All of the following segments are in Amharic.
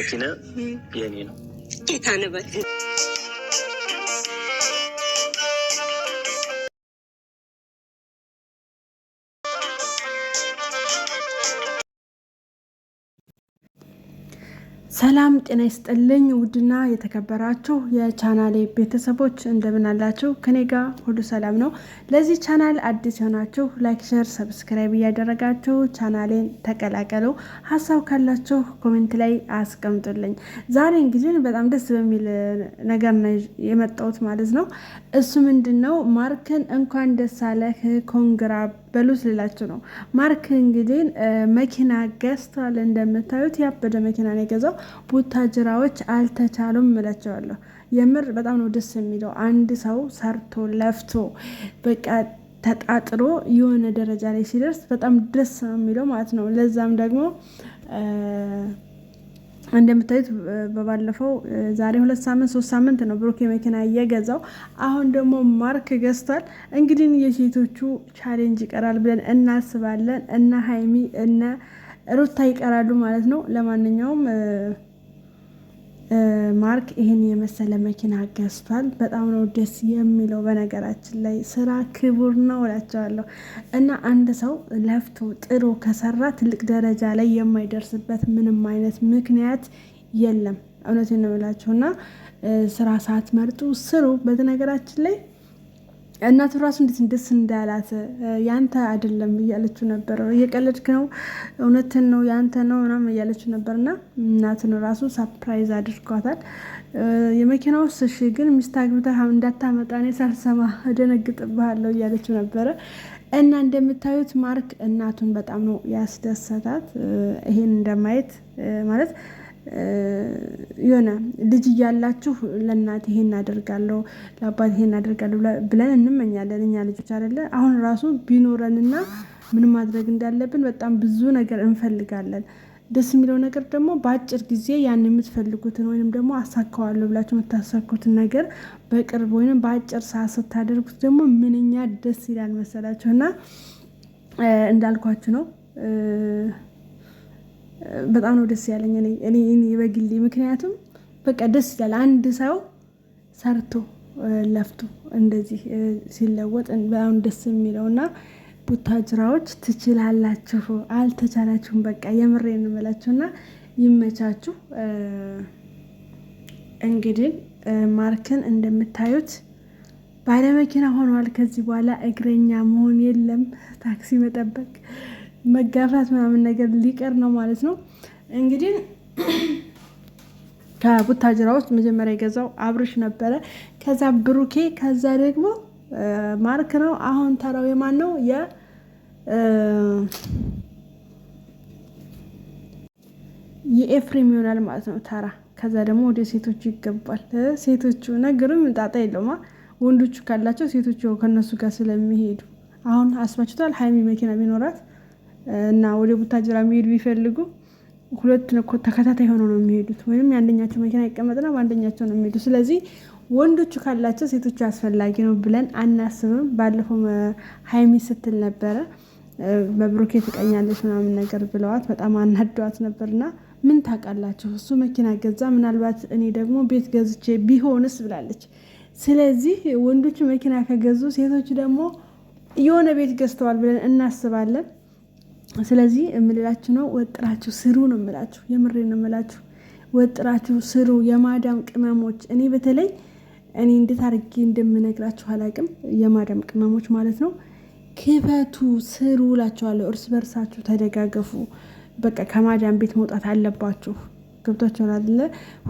መኪና የኔ ነው ጌታ ሰላም ጤና ይስጥልኝ። ውድና የተከበራችሁ የቻናሌ ቤተሰቦች እንደምን አላችሁ? ከኔ ጋር ሁሉ ሰላም ነው። ለዚህ ቻናል አዲስ የሆናችሁ ላይክ፣ ሸር፣ ሰብስክራይብ እያደረጋችሁ ቻናሌን ተቀላቀሉ። ሀሳብ ካላችሁ ኮሜንት ላይ አስቀምጡልኝ። ዛሬ እንግዲህ በጣም ደስ በሚል ነገር የመጣሁት ማለት ነው። እሱ ምንድን ነው ማርክን እንኳን ደስ አለህ በሉዝ ልላችሁ ነው። ማርክ እንግዲህ መኪና ገዝቷል። እንደምታዩት ያበደ መኪና ነው የገዛው። ቡታጅራዎች አልተቻሉም እላቸዋለሁ። የምር በጣም ነው ደስ የሚለው አንድ ሰው ሰርቶ ለፍቶ በቃ ተጣጥሮ የሆነ ደረጃ ላይ ሲደርስ በጣም ደስ ነው የሚለው ማለት ነው። ለዛም ደግሞ እንደምታዩት በባለፈው ዛሬ ሁለት ሳምንት ሶስት ሳምንት ነው ብሩክ መኪና እየገዛው አሁን ደግሞ ማርክ ገዝቷል። እንግዲህ የሴቶቹ ቻሌንጅ ይቀራል ብለን እናስባለን። እነ ሀይሚ እነ ሩታ ይቀራሉ ማለት ነው። ለማንኛውም ማርክ ይህን የመሰለ መኪና ገዝቷል። በጣም ነው ደስ የሚለው። በነገራችን ላይ ስራ ክቡር ነው እላቸዋለሁ። እና አንድ ሰው ለፍቶ ጥሮ ከሰራ ትልቅ ደረጃ ላይ የማይደርስበት ምንም አይነት ምክንያት የለም። እውነት ነው እላቸው እና ስራ መርጡ ስሩ። በነገራችን ላይ እናቱ ራሱ እንዴት ደስ እንዳላት ያንተ አይደለም እያለች ነበር። እየቀለድክ ነው፣ እውነትን ነው፣ ያንተ ነው ምናምን እያለች ነበር። እና እናትን ራሱ ሳፕራይዝ አድርጓታል። ውስጥ ስሺ ግን ሚስት አግብተህ እንዳታመጣ እኔ ሳልሰማ እደነግጥብሃለሁ እያለች ነበረ። እና እንደምታዩት ማርክ እናቱን በጣም ነው ያስደሰታት። ይሄን እንደማየት ማለት የሆነ ልጅ እያላችሁ ለእናት ይሄን አደርጋለሁ ለአባት ይሄን አደርጋለሁ ብለን እንመኛለን እኛ ልጆች አይደለ። አሁን ራሱ ቢኖረንና ምን ማድረግ እንዳለብን በጣም ብዙ ነገር እንፈልጋለን። ደስ የሚለው ነገር ደግሞ በአጭር ጊዜ ያን የምትፈልጉትን ወይንም ደግሞ አሳካዋለሁ ብላችሁ የምታሳኩትን ነገር በቅርብ ወይም በአጭር ሰዓት ስታደርጉት ደግሞ ምንኛ ደስ ይላል መሰላችሁ እና እንዳልኳችሁ ነው በጣም ነው ደስ ያለኝ እኔ በግሌ ምክንያቱም በቃ ደስ ይላል አንድ ሰው ሰርቶ ለፍቶ እንደዚህ ሲለወጥ በጣም ደስ የሚለው እና ቡታጅራዎች ትችላላችሁ፣ አልተቻላችሁም። በቃ የምሬ እና ይመቻችሁ። እንግዲህ ማርክን እንደምታዩት ባለመኪና ሆኗል። ከዚህ በኋላ እግረኛ መሆን የለም ታክሲ መጠበቅ መጋፋት ምናምን ነገር ሊቀር ነው ማለት ነው። እንግዲህ ከቡታጅራ ውስጥ መጀመሪያ የገዛው አብርሽ ነበረ፣ ከዛ ብሩኬ፣ ከዛ ደግሞ ማርክ ነው። አሁን ተራው የማን ነው? የኤፍሬም ይሆናል ማለት ነው ተራ። ከዛ ደግሞ ወደ ሴቶቹ ይገባል። ሴቶቹ ነገሩም ጣጣ የለውማ። ወንዶቹ ካላቸው ሴቶቹ ከነሱ ጋር ስለሚሄዱ አሁን አስባችቷል። ሀይሚ መኪና ቢኖራት እና ወደ ቡታጅራ የሚሄዱ ቢፈልጉ ሁለት ተከታታይ ሆነው ነው የሚሄዱት። ወይም የአንደኛቸው መኪና ይቀመጥና በአንደኛቸው ነው የሚሄዱ። ስለዚህ ወንዶቹ ካላቸው ሴቶቹ አስፈላጊ ነው ብለን አናስብም። ባለፈው ሀይሚ ስትል ነበረ በብሩኬ ትቀኛለች ምናምን ነገር ብለዋት በጣም አናደዋት ነበርና ምን ታውቃላችሁ፣ እሱ መኪና ገዛ፣ ምናልባት እኔ ደግሞ ቤት ገዝቼ ቢሆንስ ብላለች። ስለዚህ ወንዶቹ መኪና ከገዙ ሴቶች ደግሞ የሆነ ቤት ገዝተዋል ብለን እናስባለን። ስለዚህ የምልላችሁ ነው ወጥራችሁ ስሩ ነው የምላችሁ። የምሬ ነው የምላችሁ። ወጥራችሁ ስሩ የማዳም ቅመሞች። እኔ በተለይ እኔ እንዴት አድርጌ እንደምነግራችሁ አላቅም። የማዳም ቅመሞች ማለት ነው ክበቱ ስሩ እላችኋለሁ። እርስ በርሳችሁ ተደጋገፉ። በቃ ከማዳም ቤት መውጣት አለባችሁ። ገብቷችኋል አይደለ?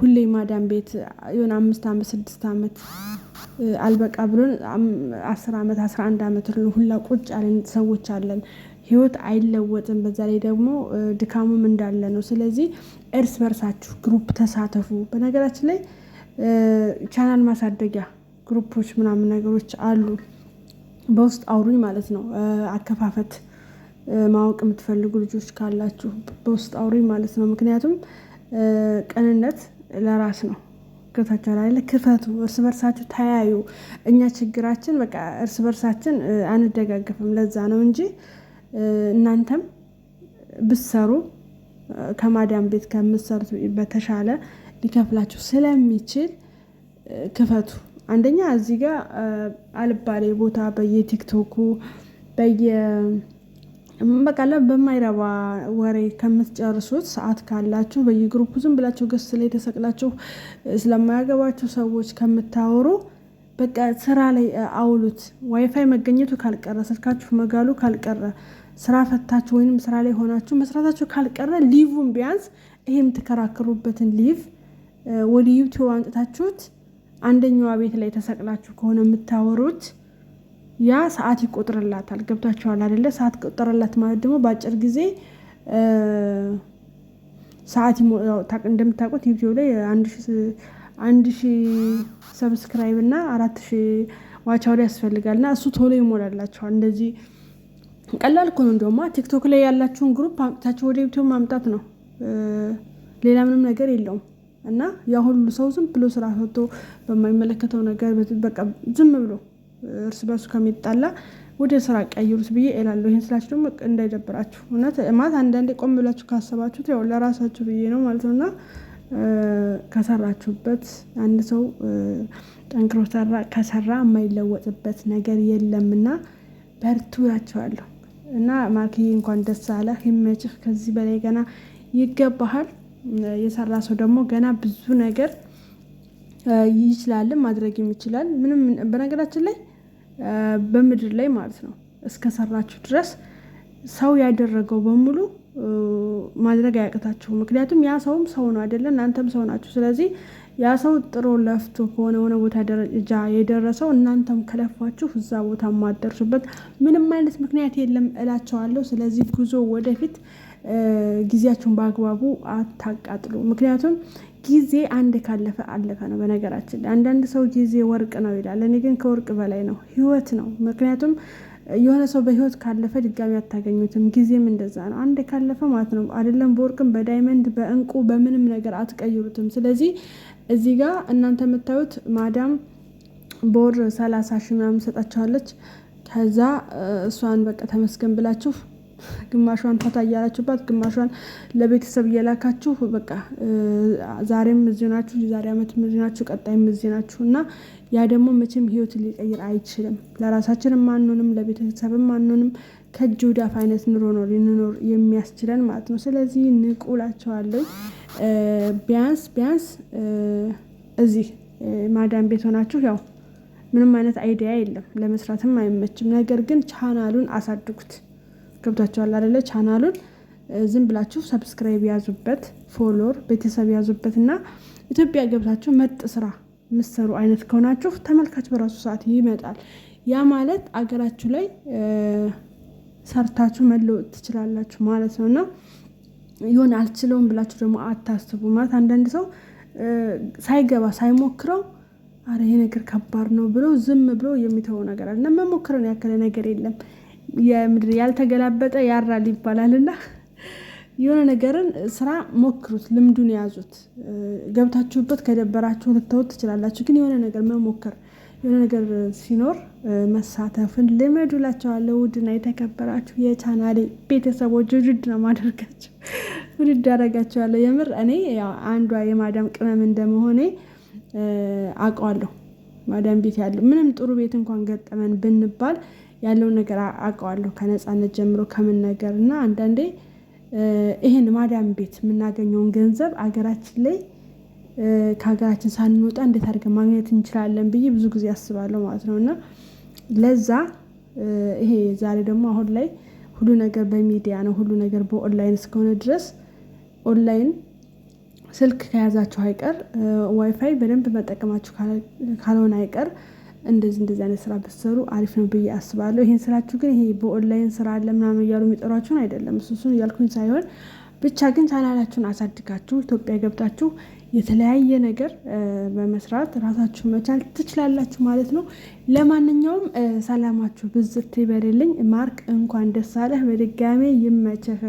ሁሌ ማዳም ቤት የሆነ አምስት ዓመት ስድስት ዓመት አልበቃ ብሎን አስር ዓመት አስራ አንድ ዓመት ሁላ ቁጭ አለን ሰዎች አለን። ህይወት አይለወጥም። በዛ ላይ ደግሞ ድካሙም እንዳለ ነው። ስለዚህ እርስ በርሳችሁ ግሩፕ ተሳተፉ። በነገራችን ላይ ቻናል ማሳደጊያ ግሩፖች ምናምን ነገሮች አሉ። በውስጥ አውሩኝ ማለት ነው። አከፋፈት ማወቅ የምትፈልጉ ልጆች ካላችሁ በውስጥ አውሩኝ ማለት ነው። ምክንያቱም ቅንነት ለራስ ነው። ግታቸው ላይ እርስ በርሳችሁ ተያዩ። እኛ ችግራችን በቃ እርስ በርሳችን አንደጋገፍም። ለዛ ነው እንጂ እናንተም ብትሰሩ ከማዳም ቤት ከምትሰሩት በተሻለ ሊከፍላችሁ ስለሚችል ክፈቱ። አንደኛ እዚህ ጋር አልባሌ ቦታ በየቲክቶኩ በየ በቃለ በማይረባ ወሬ ከምትጨርሱት ሰዓት ካላችሁ በየግሩፕ ዝም ብላችሁ ገስ ላይ ተሰቅላችሁ ስለማያገባችሁ ሰዎች ከምታወሩ በቃ ስራ ላይ አውሉት። ዋይፋይ መገኘቱ ካልቀረ ስልካችሁ መጋሉ ካልቀረ ስራ ፈታችሁ ወይም ስራ ላይ ሆናችሁ መስራታችሁ ካልቀረ ሊቭን ቢያንስ ይሄ የምትከራከሩበትን ሊቭ ወደ ዩቲዩብ አምጥታችሁት አንደኛዋ ቤት ላይ ተሰቅላችሁ ከሆነ የምታወሩት ያ ሰዓት ይቆጥርላታል። ገብታችኋል አደለ? ሰዓት ቆጠረላት ማለት ደግሞ በአጭር ጊዜ ሰዓት እንደምታውቁት ዩቲዩብ ላይ አንድ ሺ ሰብስክራይብ እና አራት ሺ ዋቻ ያስፈልጋል እና እሱ ቶሎ ይሞላላቸዋል እንደዚህ ቀላል እኮ ነው። እንደውማ ቲክቶክ ላይ ያላችሁን ግሩፕ አምጥታችሁ ወደ ዩቲዩብ ማምጣት ነው። ሌላ ምንም ነገር የለውም። እና ያ ሁሉ ሰው ዝም ብሎ ስራ ሰጥቶ በማይመለከተው ነገር በቃ ዝም ብሎ እርስ በርሱ ከሚጣላ ወደ ስራ ቀይሩት ብዬ እላለሁ። ይህን ስላችሁ ደግሞ እንዳይደብራችሁ እውነት ማለት አንዳንዴ ቆም ብላችሁ ካሰባችሁት ያው ለራሳችሁ ብዬ ነው ማለት ነው። እና ከሰራችሁበት አንድ ሰው ጠንክሮ ሰራ ከሰራ የማይለወጥበት ነገር የለምና በርቱ ያቸዋለሁ። እና ማርክዬ እንኳን ደስ አለ ይመችህ። ከዚህ በላይ ገና ይገባሃል። የሰራ ሰው ደግሞ ገና ብዙ ነገር ይችላልን ማድረግም ይችላል። ምንም በነገራችን ላይ በምድር ላይ ማለት ነው እስከሰራችሁ ድረስ ሰው ያደረገው በሙሉ ማድረግ አያቅታችሁም። ምክንያቱም ያ ሰውም ሰው ነው አይደለ? እናንተም ሰው ናችሁ። ስለዚህ ያ ሰው ጥሮ ለፍቶ ከሆነ ሆነ ቦታ ደረጃ የደረሰው እናንተም ከለፋችሁ እዛ ቦታ ማደርሱበት ምንም አይነት ምክንያት የለም እላቸዋለሁ። ስለዚህ ጉዞ ወደፊት፣ ጊዜያችሁን በአግባቡ አታቃጥሉ። ምክንያቱም ጊዜ አንድ ካለፈ አለፈ ነው። በነገራችን ላይ አንዳንድ ሰው ጊዜ ወርቅ ነው ይላል። እኔ ግን ከወርቅ በላይ ነው፣ ህይወት ነው። ምክንያቱም የሆነ ሰው በህይወት ካለፈ ድጋሚ አታገኙትም። ጊዜም እንደዛ ነው። አንድ ካለፈ ማለት ነው አይደለም። በወርቅም፣ በዳይመንድ፣ በእንቁ በምንም ነገር አትቀይሩትም። ስለዚህ እዚህ ጋር እናንተ የምታዩት ማዳም በወር ሰላሳ ሺ ምናምን ሰጣቸዋለች። ከዛ እሷን በቃ ተመስገን ብላችሁ ግማሿን ፈታ እያላችሁባት፣ ግማሿን ለቤተሰብ እየላካችሁ በቃ ዛሬም እዚህ ናችሁ፣ ዛሬ ዓመትም እዚህ ናችሁ፣ ቀጣይም እዚህ ናችሁ እና ያ ደግሞ መቼም ህይወትን ሊቀይር አይችልም። ለራሳችንም አንሆንም፣ ለቤተሰብም አንሆንም። ከእጅ አይነት ኑሮ ነው ልንኖር የሚያስችለን ማለት ነው። ስለዚህ ንቁ ቢያንስ ቢያንስ እዚህ ማዳም ቤት ሆናችሁ ያው ምንም አይነት አይዲያ የለም ለመስራትም አይመችም። ነገር ግን ቻናሉን አሳድጉት። ገብቷቸዋል አደለ? ቻናሉን ዝም ብላችሁ ሰብስክራይብ ያዙበት፣ ፎሎር ቤተሰብ ያዙበት እና ኢትዮጵያ ገብታችሁ መጥ ስራ ምሰሩ አይነት ከሆናችሁ ተመልካች በራሱ ሰዓት ይመጣል። ያ ማለት አገራችሁ ላይ ሰርታችሁ መለወጥ ትችላላችሁ ማለት ነው እና ይሆን አልችለውም ብላችሁ ደግሞ አታስቡ ማለት አንዳንድ ሰው ሳይገባ ሳይሞክረው አረ ይሄ ነገር ከባድ ነው ብሎ ዝም ብሎ የሚተወው ነገር አለ እና መሞክርን ያከለ ነገር የለም። የምድር ያልተገላበጠ ያራል ይባላል እና የሆነ ነገርን ስራ ሞክሩት፣ ልምዱን የያዙት። ገብታችሁበት ከደበራችሁ ልትተውት ትችላላችሁ፣ ግን የሆነ ነገር መሞከር የሆነ ነገር ሲኖር መሳተፍን ልመዱ እላቸዋለሁ። ውድና የተከበራችሁ የቻናሌ ቤተሰቦች ውድ ነው ማደርጋቸው ውድድ ያደርጋቸዋለሁ። የምር እኔ አንዷ የማዳም ቅመም እንደመሆኔ አውቀዋለሁ። ማዳም ቤት ያለው ምንም ጥሩ ቤት እንኳን ገጠመን ብንባል ያለውን ነገር አውቀዋለሁ ከነፃነት ጀምሮ ነገር እና አንዳንዴ ይህን ማዳም ቤት የምናገኘውን ገንዘብ አገራችን ላይ ከሀገራችን ሳንወጣ እንዴት አድርገን ማግኘት እንችላለን ብዬ ብዙ ጊዜ አስባለሁ ማለት ነው እና ለዛ ይሄ ዛሬ ደግሞ አሁን ላይ ሁሉ ነገር በሚዲያ ነው፣ ሁሉ ነገር በኦንላይን እስከሆነ ድረስ ኦንላይን ስልክ ከያዛችሁ አይቀር ዋይፋይ በደንብ መጠቀማችሁ ካልሆነ አይቀር እንደዚህ እንደዚህ አይነት ስራ ብትሰሩ አሪፍ ነው ብዬ አስባለሁ። ይህን ስራችሁ ግን ይሄ በኦንላይን ስራ አለ ምናምን እያሉ የሚጠሯችሁን አይደለም እሱሱን እያልኩኝ ሳይሆን ብቻ ግን ቻናላችሁን አሳድጋችሁ ኢትዮጵያ ገብታችሁ የተለያየ ነገር በመስራት ራሳችሁ መቻል ትችላላችሁ ማለት ነው። ለማንኛውም ሰላማችሁ ብዝት ይበልልኝ። ማርክ እንኳን ደስ አለህ በድጋሜ ይመችህ።